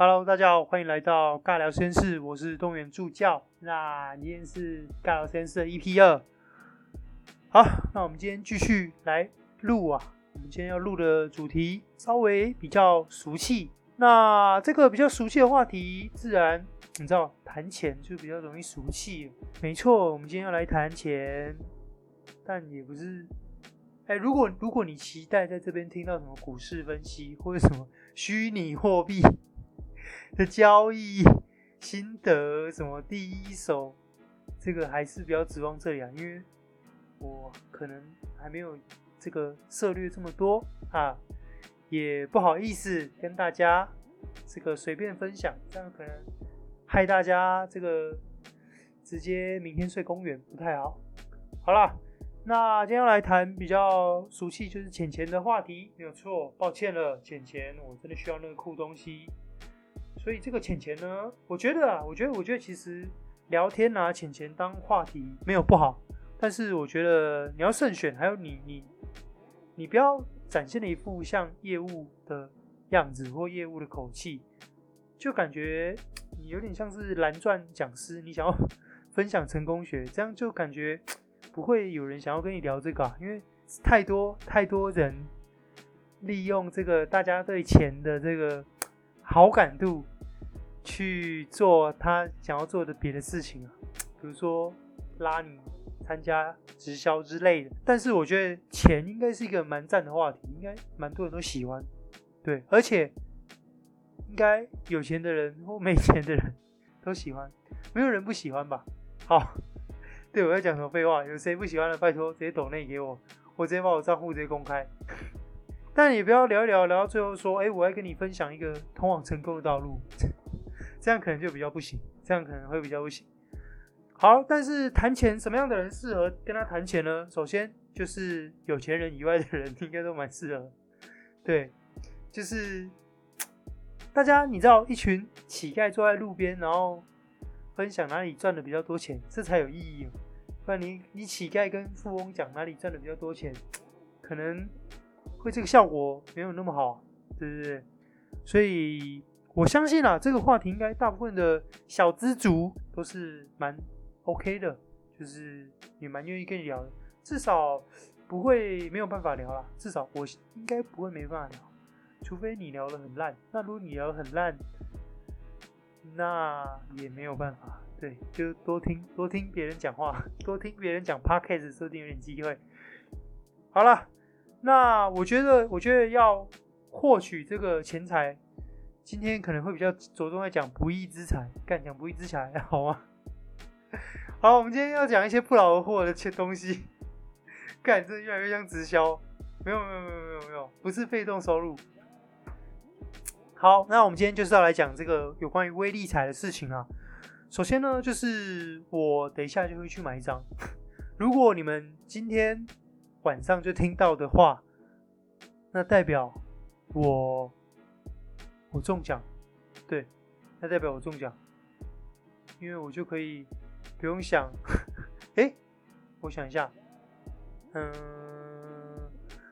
Hello，大家好，歡迎來到尬聊實驗室，我是東元助教。那今天是尬聊實驗室的 EP 二。好，那我們今天繼續來錄啊。我們今天要錄的主題稍微比較俗氣。那這個比較俗氣的話題，自然你知道，談錢就比較容易俗氣。沒錯，我們今天要來談錢，但也不是。哎、欸，如果如果你期待在這邊聽到什麼股市分析或者什麼虛擬貨幣，的交易心得什麼第一手，這個還是比較指望這裡啊，因為我可能還沒有這個涉獵這麼多啊，也不好意思跟大家這個隨便分享，這樣可能害大家這個直接明天睡公園不太好。好啦，那今天要來談比較熟悉就是錢錢的話題，沒有錯，抱歉了，錢錢我真的需要那個酷東西。所以這個錢錢呢，我覺得啊，我覺得我覺得其實聊天拿錢錢當話題沒有不好，但是我覺得你要慎選，還有你你你不要展現了一副像業務的樣子或業務的口氣，就感覺你有點像是藍鑽講師，你想要分享成功學，這樣就感覺不會有人想要跟你聊這個啊，因為太多太多人利用這個大家對錢的這個好感度。去做他想要做的別的事情啊，比如說拉你參加直銷之類的。但是我覺得錢應該是一個蠻讚的話題，應該蠻多人都喜歡。對，而且應該有錢的人或沒錢的人都喜歡，沒有人不喜歡吧？好，對，我要講什麼廢話？有誰不喜歡的？拜托直接抖內給我，我直接把我賬戶直接公開。但也不要聊一聊，聊到最後說，欸，我要跟你分享一個通往成功的道路。這樣可能就比較不行，這樣可能會比較不行。好，但是談錢，什麼樣的人適合跟他談錢呢？首先就是有錢人以外的人，應該都蠻適合。對，就是大家你知道，一群乞丐坐在路邊，然後分享哪裡賺的比較多錢，這才有意義喔。不然你你乞丐跟富翁講哪裡賺的比較多錢，可能會這個效果沒有那麼好，對不對？所以。我相信啦、啊，這個話題應該大部分的小資族都是蠻 OK 的，就是也蠻願意跟你聊的。至少不會沒有辦法聊啦，至少我應該不會沒辦法聊，除非你聊得很爛。那如果你聊得很爛，那也沒有辦法。對，就多聽多聽別人講話，多聽別人講 podcast，說不定有點機會。好了，那我覺得，我覺得要獲取這個錢財。今天可能會比較着重來講不義之財，幹講不義之財好嗎？好，我們今天要講一些不勞而獲的東西，幹真越來越像直銷，沒有沒有沒有沒有沒有，不是被動收入。好，那我們今天就是要來講這個有關於威力彩的事情啊。首先呢，就是我等一下就會去買一張，如果你們今天晚上就聽到的話，那代表我。我中獎，對，那代表我中獎，因為我就可以不用想，哎、欸，我想一下，嗯，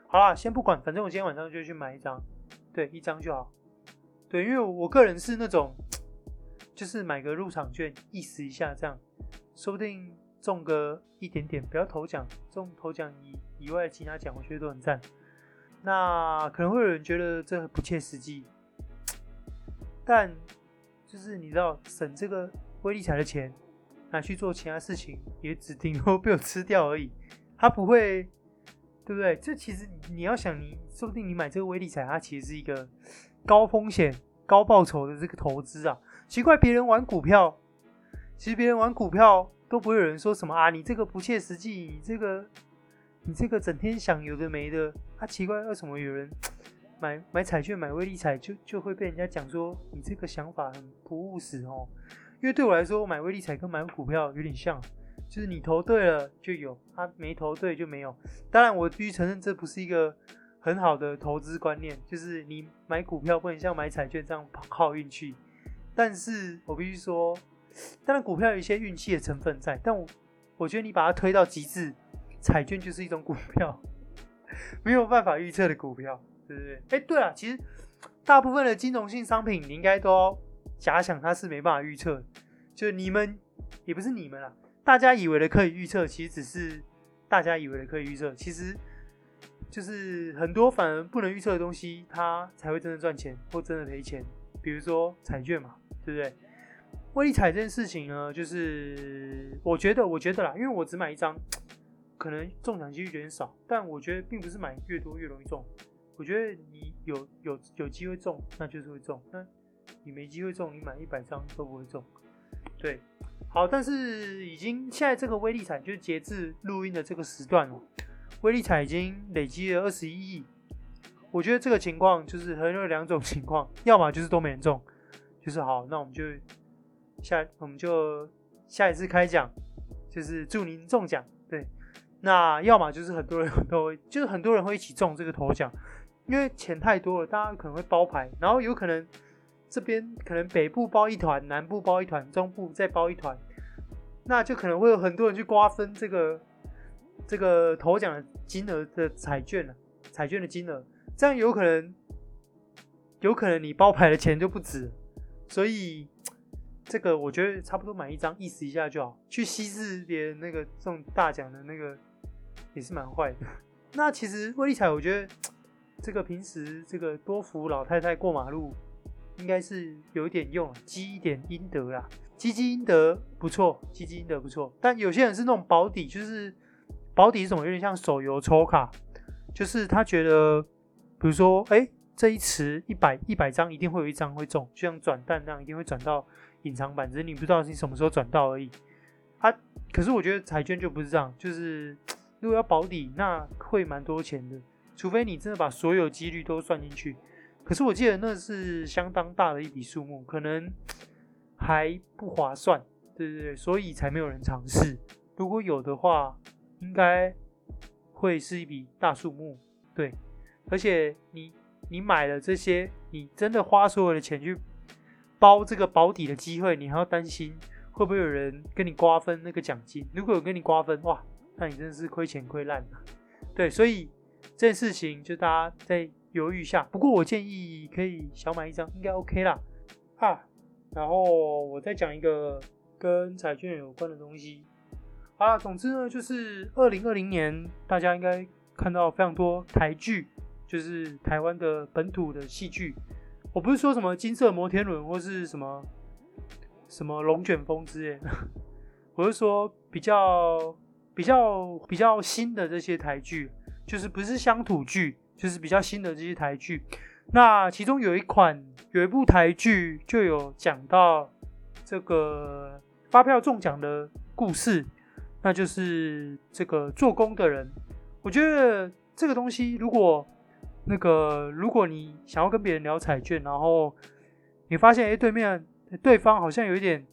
好啦，先不管，反正我今天晚上就去買一張，對，一張就好，對，因為我個人是那種，就是買個入場券，意思一下這樣，說不定中個一點點，不要頭獎，中頭獎以以外的其他獎，我覺得都很讚。那可能會有人覺得這很不切實際。但就是你知道，省這個威力彩的錢，拿去做其他事情，也只頂多被我吃掉而已。他不會，對不對？這其實你要想你，你說不定你買這個威力彩，它其實是一個高風險高報酬的這個投資啊。奇怪，別人玩股票，其實別人玩股票都不會有人說什麼啊，你這個不切實際，你這個你這個整天想有的沒的。啊，奇怪，為什麼有人？買買彩券買威力彩就就會被人家講說你這個想法很不務實喔，因為對我來說買威力彩跟買股票有點像，就是你投對了就有，他沒投對就沒有。當然我必須承認這不是一個很好的投資觀念，就是你買股票不能像買彩券這樣靠運氣。但是我必須說，當然股票有一些運氣的成分在，但我我覺得你把它推到極致，彩券就是一種股票，沒有辦法預測的股票。對不對？欸、對啊。其實大部分的金融性商品，你應該都假想它是沒辦法預測的。就你們，也不是你們啊，大家以為的可以預測，其實只是大家以為的可以預測。其實就是很多反而不能預測的東西，它才會真的賺錢或真的賠錢。比如說彩券嘛，對不對？威力彩這件事情呢，就是我覺得，我覺得啦，因為我只買一張，可能中獎機率有點少，但我覺得並不是買越多越容易中。我覺得你有有有機會中，那就是會中；那你沒機會中，你買一百張都不會中。對，好，但是已經現在這個威力彩就是截至錄音的這個時段哦，威力彩已經累積了二十一億。我覺得這個情況就是很有兩種情況，要麼就是都沒人中，就是好，那我們就下我們就下一次開獎，就是祝您中獎。對，那要麼就是很多人都就是很多人會一起中這個頭獎。因為錢太多了，大家可能會包牌，然後有可能這邊可能北部包一團，南部包一團，中部再包一團，那就可能會有很多人去瓜分這個這個頭獎的金額的彩券啊，彩券的金額，這樣有可能有可能你包牌的錢就不止，所以這個我覺得差不多買一張意思一下就好，去稀釋別人那個中大獎的那個也是蠻壞的。那其實威力彩我覺得。這個平時這個多扶老太太過馬路，應該是有一點用，積一點陰德啊，積積陰德不錯，積積陰德不錯。但有些人是那種保底，就是保底是什麼？有點像手遊抽卡，就是他覺得，比如說，哎，這一池一百一百張，一定會有一張會中，就像轉蛋那樣，一定會轉到隱藏版，只是你不知道你什麼時候轉到而已。他、啊，可是我覺得彩券就不是這樣，就是如果要保底，那會蠻多錢的。除非你真的把所有幾率都算進去，可是我記得那是相當大的一筆數目，可能還不划算。對對對，所以才沒有人嘗試。如果有的話，應該會是一筆大數目。對，而且你你買了這些，你真的花所有的錢去包這個保底的機會，你還要擔心會不會有人跟你瓜分那個獎金。如果有人跟你瓜分，哇，那你真的是虧錢虧爛了。對，所以。這件事情就大家再猶豫一下。不過我建議可以小買一張，應該 OK 啦。啊，然後我再講一個跟彩券有關的東西。好了，啊，總之呢，就是二零二零年大家應該看到非常多台劇，就是台灣的本土的戲劇。我不是說什麼金色摩天輪或是什麼什麼龍捲風之類的，我是說比較比較比較新的這些台劇。就是不是鄉土劇，就是比較新的這些台劇。那其中有一款，有一部台劇就有講到這個發票中獎的故事，那就是這個做工的人。我覺得這個東西，如果那個如果你想要跟別人聊彩券，然後你發現誒、欸、對面對方好像有一點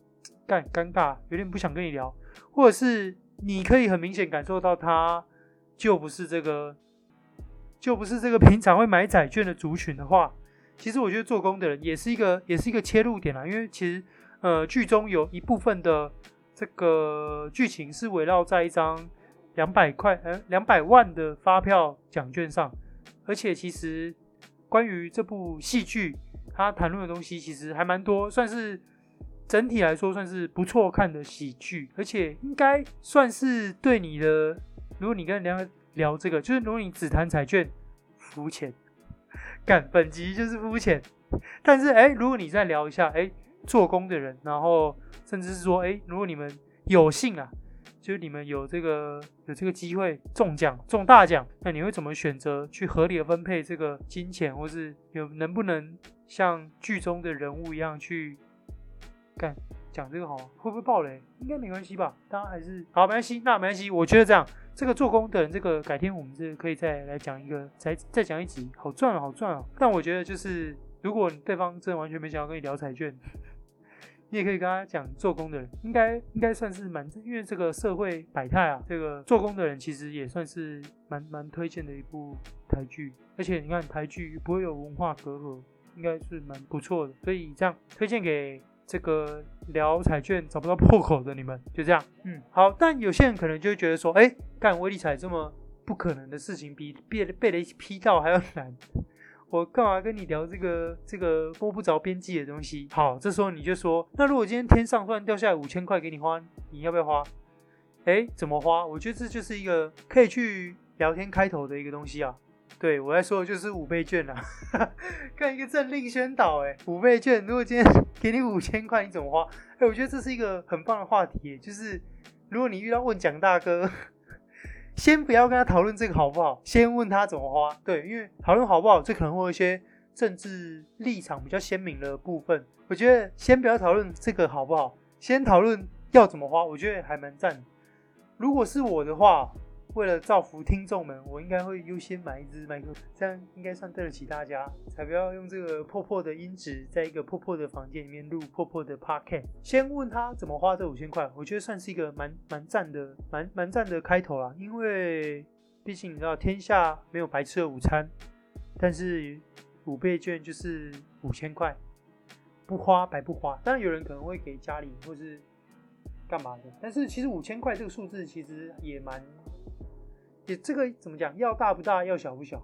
尷尷尬，有點不想跟你聊，或者是你可以很明顯感受到他。就不是這個，就不是這個平常會買彩券的族群的話，其實我覺得做工的人也是一個，也是一個切入點啦。因為其實，呃，劇中有一部分的這個劇情是圍繞在一張兩百塊，呃，兩百萬的發票獎券上。而且，其實關於這部戲劇，他談論的東西其實還蠻多，算是整體來說算是不錯看的喜劇，而且應該算是對你的。如果你跟人家聊，聊這個，就是如果你只談彩券，膚淺，幹，本集就是膚淺。但是哎、欸，如果你再聊一下哎、欸、做工的人，然後甚至是說哎、欸，如果你們有幸啊，就是你們有這個有這個機會中獎中大獎，那你會怎麼選擇去合理的分配這個金錢，或是有能不能像劇中的人物一樣去幹，講這個好，會不會爆雷？應該沒關係吧？當然還是好沒關係，那沒關係，我覺得這樣。這個做工的人，這個改天我們是可以再來講一個，再再講一集，好賺啊，好賺啊！但我覺得就是，如果對方真的完全沒想要跟你聊彩券，你也可以跟他講做工的人，應該應該算是蠻，因為這個社會百態啊，這個做工的人其實也算是蠻蠻推薦的一部台劇，而且你看台劇不會有文化隔閡，應該是蠻不錯的，所以這樣推薦給。這個聊彩券找不到破口的，你們就這樣，嗯，好。但有些人可能就會覺得說，哎，幹威力彩這麼不可能的事情比，比被被雷劈到還要難，我幹嘛跟你聊這個這個摸不着邊際的東西？好，這時候你就說，那如果今天天上突然掉下來五千塊給你花，你要不要花？哎，怎麼花？我覺得這就是一個可以去聊天開頭的一個東西啊。對，我在說的就是五倍券啊，哈哈，看一個政令宣導，哎，五倍券，如果今天給你五千塊，你怎麼花？哎、欸，我覺得這是一個很棒的話題，欸，就是如果你遇到問蔣大哥，先不要跟他討論這個好不好？先問他怎麼花。對，因為討論好不好，這可能會有一些政治立場比較鮮明的部分。我覺得先不要討論這個好不好，先討論要怎麼花，我覺得還蠻讚。如果是我的話。為了造福聽眾們，我應該會優先買一支麥克風，這樣應該算對得起大家。才不要用這個破破的音質，在一個破破的房間裡面錄破破的 podcast。先問他怎麼花這五千塊，我覺得算是一個蠻蠻讚的、蠻蠻讚的開頭啦。因為畢竟你知道，天下沒有白吃的午餐。但是五倍券就是五千塊，不花白不花。當然有人可能會給家裡或是幹嘛的，但是其實五千塊這個數字其實也蠻。也這個怎麼講？要大不大，要小不小。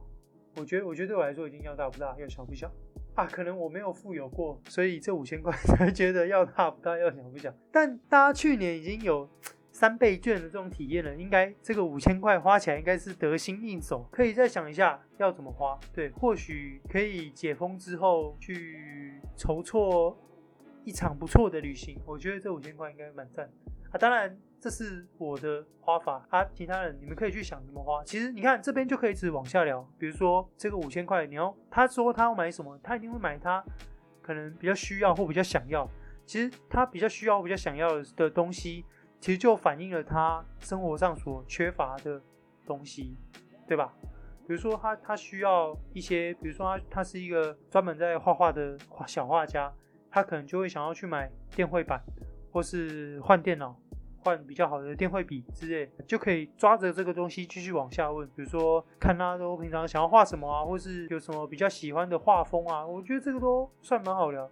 我覺得，我覺得對我來說已經要大不大，要小不小啊。可能我沒有富有過，所以這五千塊才覺得要大不大，要小不小。但大家去年已經有三倍券的這種體驗了，應該這個五千塊花起來應該是得心應手。可以再想一下要怎麼花。對，或許可以解封之後去籌措一場不錯的旅行。我覺得這五千塊應該蠻讚啊。當然。這是我的花法啊！其他人你們可以去想怎麼花。其實你看這邊就可以一直往下聊。比如說這個五千塊，你要他說他要買什麼，他一定會買他可能比較需要或比較想要。其實他比較需要或比較想要的東西，其實就反映了他生活上所缺乏的東西，對吧？比如說他他需要一些，比如說他他是一個專門在畫畫的小畫家，他可能就會想要去買電繪板或是換電腦。換比較好的電繪筆之類，就可以抓着這個東西繼續往下問，比如說看大、啊、家都平常想要畫什麼啊，或是有什麼比較喜歡的畫風啊，我覺得這個都算蠻好聊。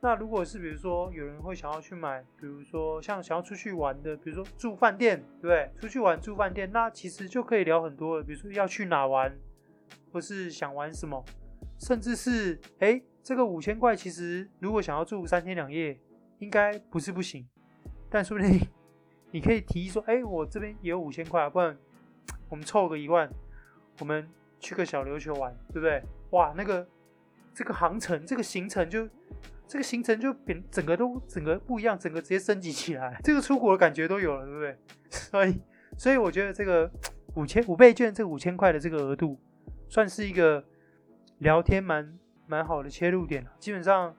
那如果是比如說有人會想要去買，比如說像想要出去玩的，比如說住飯店，對，出去玩住飯店，那其實就可以聊很多了，比如說要去哪玩，或是想玩什麼，甚至是誒、欸，這個五千塊其實如果想要住三天兩夜，應該不是不行，但說不定。你可以提議說：“哎、欸，我這邊也有五千塊啊，不然我們湊個一萬，我們去個小琉球玩，對不對？哇，那個這個航程、這個行程就這個行程就變整個都整個不一樣，整個直接升級起來，這個出國的感覺都有了，對不對？所以所以我覺得這個五千五倍券，這個五千塊的這個額度，算是一個聊天蠻蠻好的切入點了。基本上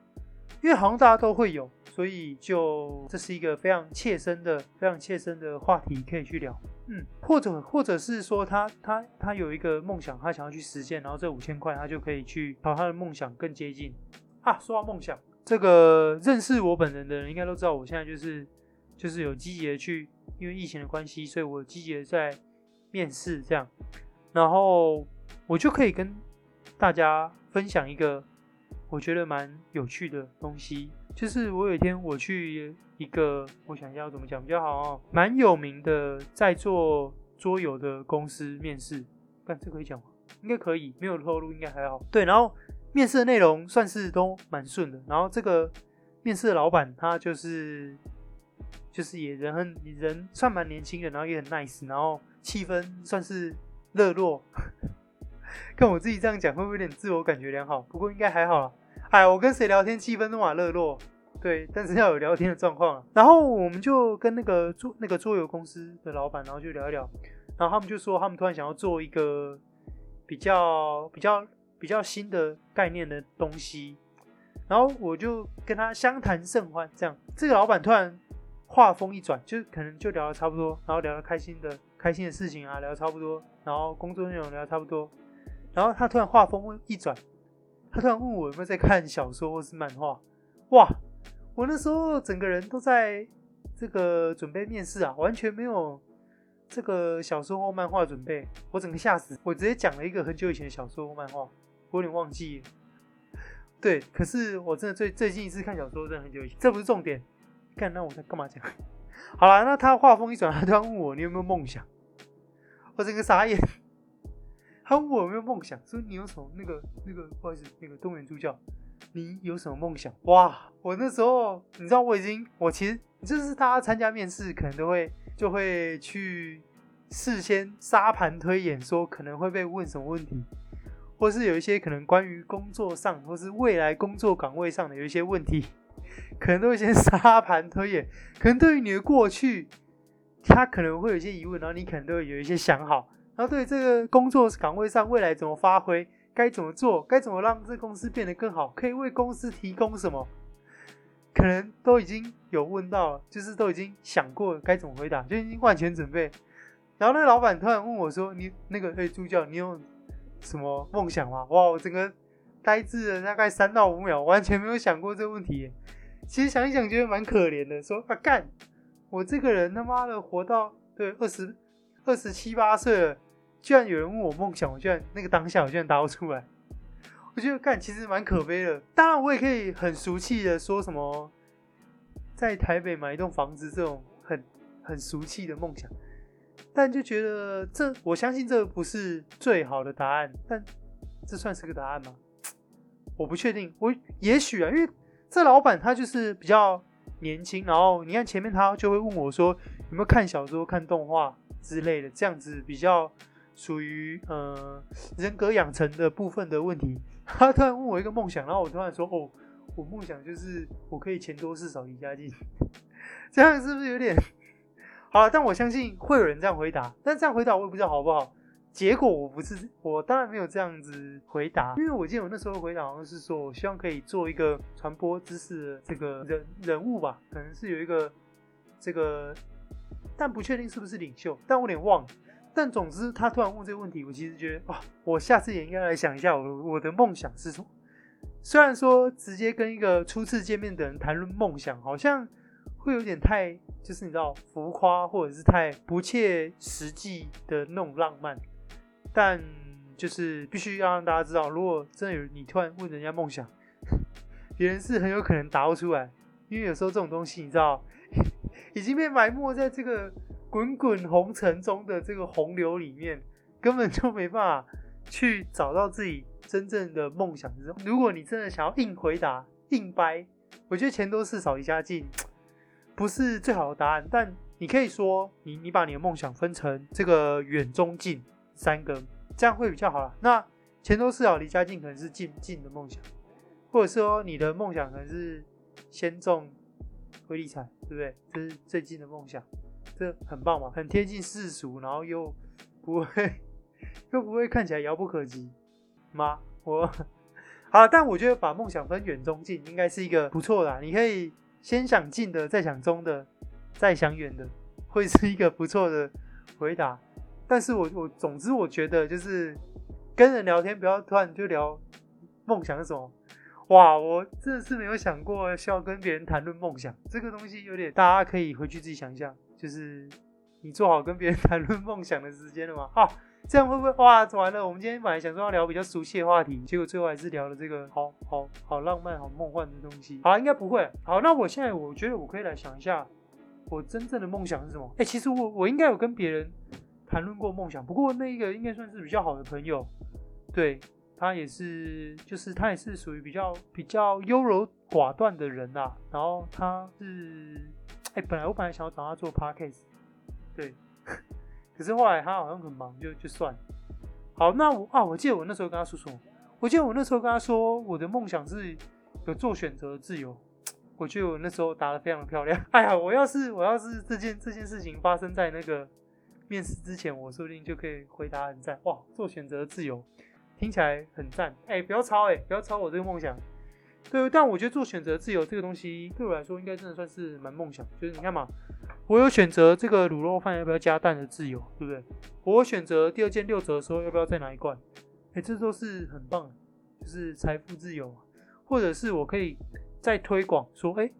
因為好像大家都會有。”所以就這是一個非常切身的、非常切身的話題，可以去聊，嗯，或者或者是說他他他有一個夢想，他想要去實現，然後這五千塊他就可以去把他的夢想更接近。啊，說到夢想，這個認識我本人的人應該都知道，我現在就是就是有積極的去，因為疫情的關係，所以我積極的在面試這樣，然後我就可以跟大家分享一個。我覺得蠻有趣的東西，就是我有一天我去一個，我想一下要怎麼講比較好哦，蠻有名的在做桌遊的公司面試，看這個可以講嗎？應該可以，沒有透露應該還好。對，然後面試的內容算是都蠻順的，然後這個面試的老闆他就是就是也人很，人算蠻年輕的，然後也很 nice，然後氣氛算是熱絡。跟我自己這樣講，會不會有點自我感覺良好？不過應該還好啦。哎，我跟誰聊天，氣氛都蠻熱絡。對，但是要有聊天的狀況啊。然後我們就跟那個桌、那個桌遊公司的老闆，然後就聊一聊。然後他們就說，他們突然想要做一個比較比較比較新的概念的東西。然後我就跟他相談甚歡。這樣，這個老闆突然話鋒一轉，就可能就聊得差不多，然後聊得開心的開心的事情啊，聊得差不多，然後工作內容聊得差不多。然後他突然畫風一轉，他突然問我有沒有在看小說或是漫畫。哇！我那時候整個人都在這個準備面試啊，完全沒有這個小說或漫畫準備，我整個嚇死。我直接講了一個很久以前的小說或漫畫，我有點忘記了。對，可是我真的最最近一次看小說真的很久以前，這不是重點。幹，那我在幹嘛講？好啦，那他畫風一轉，他突然問我你有沒有夢想？我整個傻眼。他問我有沒有夢想，說你有什麼那個那個，不好意思，那個東元助教，你有什麼夢想？哇，我那時候你知道我已經，我其實就是大家參加面試，可能都會就會去事先沙盤推演，說可能會被問什麼問題，或是有一些可能關於工作上或是未來工作崗位上的有一些問題，可能都會先沙盤推演，可能對於你的過去，他可能會有一些疑問，然後你可能都會有一些想好。然後對這個工作崗位上未來怎麼發揮，該怎麼做，該怎麼讓這公司變得更好，可以為公司提供什麼，可能都已經有問到了，就是都已經想過該怎麼回答，就已經萬全準備。然後那個老闆突然問我說：“你那個哎，助教，你有什麼夢想嗎？”哇，我整個呆滯了大概三到五秒，完全沒有想過這個問題。其實想一想，覺得蠻可憐的。說啊幹，我這個人他媽的活到對二十二十七八歲了。居然有人問我夢想，我居然那個當下我居然答不出來，我覺得看其實蠻可悲的。當然我也可以很俗氣的說什麼，在台北買一棟房子這種很很俗氣的夢想，但就覺得這我相信這不是最好的答案，但這算是個答案嗎？我不確定。我也許啊，因為這老闆他就是比較年輕，然後你看前面他就會問我說有沒有看小說、看動畫之類的，這樣子比較。屬於呃人格養成的部分的問題，他突然問我一個夢想，然後我突然說，哦，我夢想就是我可以錢多事少離家近， 這樣是不是有點好？但我相信會有人這樣回答，但這樣回答我也不知道好不好。結果我不是，我當然沒有這樣子回答，因為我記得我那時候的回答好像是說我希望可以做一個傳播知識的這個人人物吧，可能是有一個這個，但不確定是不是領袖，但我有點忘了。但總之，他突然問這個問題，我其實覺得，哦，我下次也應該來想一下我，我我的夢想是什麼。雖然說直接跟一個初次見面的人談論夢想，好像會有點太，就是你知道，浮誇或者是太不切實際的那種浪漫。但就是必須要讓大家知道，如果真的有你突然問人家夢想，別人是很有可能答不出來，因為有時候這種東西，你知道，已經被埋沒在這個。滾滾紅塵中的這個洪流裡面，根本就沒辦法去找到自己真正的夢想之中。是如果你真的想要硬回答、硬掰，我覺得錢多事少離家近不是最好的答案。但你可以說，你你把你的夢想分成這個遠、中、近三個，這樣會比較好啦。那錢多事少離家近，可能是近近的夢想，或者說你的夢想可能是先中威力彩，對不對？這是最近的夢想。這很棒嘛，很貼近世俗，然後又不會又不會看起來遙不可及，媽，我好，但我覺得把夢想分遠、中、近應該是一個不錯的啊。你可以先想近的，再想中的，再想遠的，會是一個不錯的回答。但是我我總之我覺得就是跟人聊天不要突然就聊夢想是什麼。哇，我真的是沒有想過需要跟別人談論夢想這個東西有點，大家可以回去自己想一下。就是你做好跟別人談論夢想的時間了嗎？哈、啊、這樣會不會？哇，完了！我們今天本來想說要聊比較熟悉的話題，結果最後還是聊了這個好好好浪漫好夢幻的東西。好，應該不會。好，那我現在我覺得我可以來想一下，我真正的夢想是什麼？哎、欸，其實我我應該有跟別人談論過夢想，不過那一個應該算是比較好的朋友，對，他也是，就是他也是屬於比較比較優柔寡斷的人啊。然後他是。哎、欸，本來我本來想要找他做 p o c a s t 對， 可是後來他好像很忙，就就算了。好，那我啊，我記得我那時候跟他說，我記得我那時候跟他說，我的夢想是有做選擇的自由，我覺得我那時候答得非常的漂亮。哎呀，我要是我要是這件這件事情發生在那個面試之前，我說不定就可以回答很讚。哇，做選擇的自由，聽起來很讚。哎、欸，不要抄哎、欸，不要抄我這個夢想。對，但我覺得做選擇自由這個東西，對我來說應該真的算是蠻夢想。就是你看嘛，我有選擇這個滷肉飯要不要加蛋的自由，對不對？我選擇第二件六折的時候要不要再拿一罐？哎、欸，這都是很棒的，就是財富自由、啊，或者是我可以再推廣說，哎、欸，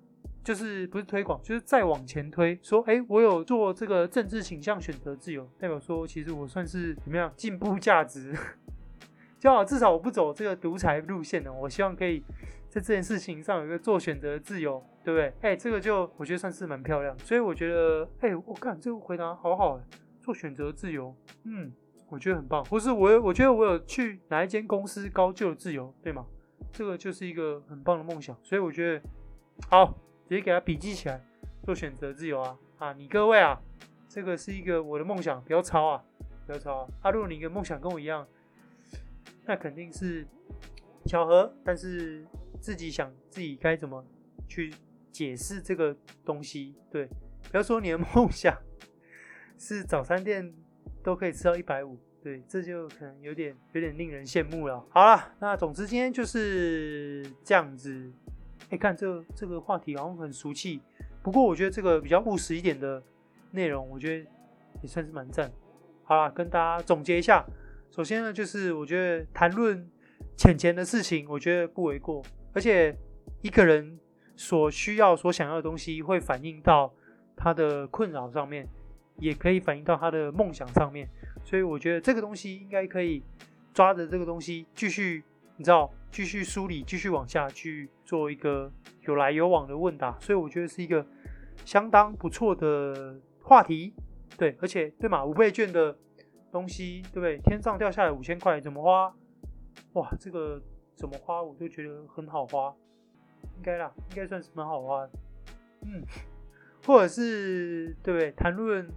就是不是推廣，就是再往前推說，哎、欸，我有做這個政治傾向選擇自由，代表說其實我算是怎麼樣進步價值？就好，至少我不走這個獨裁路線的、啊，我希望可以。在這件事情上有一個做選擇的自由，對不對？誒、欸，這個就我覺得算是蠻漂亮。所以我覺得，誒、欸，我、哦、看這個回答好好的，做選擇自由，嗯，我覺得很棒。不是我，我覺得我有去哪一間公司高就自由，對嗎？這個就是一個很棒的夢想。所以我覺得好，直接給他筆記起來，做選擇自由啊啊！你各位啊，這個是一個我的夢想，不要抄啊，不要抄啊，啊。如果你的夢想跟我一樣，那肯定是巧合，但是。自己想自己該怎麼去解釋這個東西，對，不要說你的夢想是早餐店都可以吃到一百五，對，這就可能有點有點令人羨慕了。好啦，那總之今天就是這樣子。哎，看這個、這個話題好像很俗氣，不過我覺得這個比較務實一點的內容，我覺得也算是蠻讚。好啦，跟大家總結一下，首先呢，就是我覺得談論錢錢的事情，我覺得不為過。而且一個人所需要、所想要的東西，會反映到他的困擾上面，也可以反映到他的夢想上面。所以我覺得這個東西應該可以抓着這個東西繼續，你知道，繼續梳理，繼續往下去做一個有來有往的問答。所以我覺得是一個相當不錯的話題，對，而且對嘛，五倍券的東西，對不對？天上掉下來五千塊，怎麼花？哇，這個。怎麼花我都覺得很好花，應該啦，應該算是蠻好花。嗯，或者是對不對？談論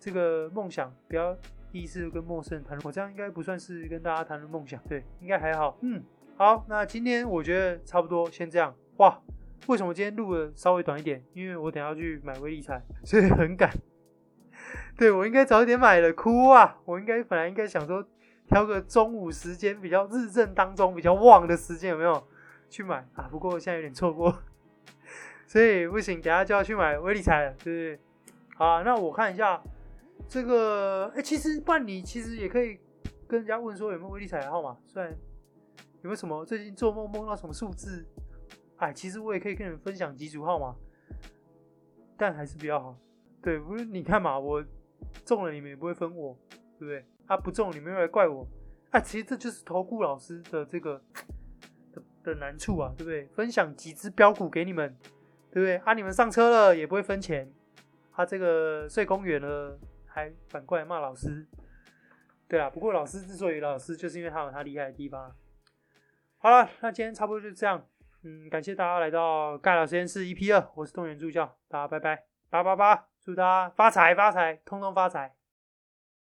這個夢想，不要第一次跟陌生人談論。我這樣應該不算是跟大家談論夢想，對，應該還好。嗯，好，那今天我覺得差不多，先這樣。哇，為什麼今天錄的稍微短一點？因為我等下要去買威力彩，所以很趕。對我應該早一點買了。哭啊！我應該本來應該想說。挑個中午時間，比較日正當中比較旺的時間，有沒有去買啊？不過現在有點錯過，所以不行，等下就要去買威力彩，對不對？好，那我看一下這個，哎、欸，其實辦理其實也可以跟人家問說有沒有威力彩的號碼，雖然有沒有什麼最近做夢夢到什麼數字？哎，其實我也可以跟你們分享幾組號碼，但還是比較好。對，不是你看嘛，我中了你們也不會分我，對不對？他、啊、不中，你們又來怪我，啊，其實這就是投顧老師的這個的的難處啊，對不對？分享幾只飆股給你們，對不對？啊，你們上車了也不會分錢，他、啊、這個睡公園了還反過來罵老師，對啊。不過老師之所以老師，就是因為他有他厲害的地方。好了，那今天差不多就這樣，嗯，感謝大家來到尬聊實驗室 EP 二，我是動員助教，大家拜拜，八八八，祝大家發財發財，通通發財。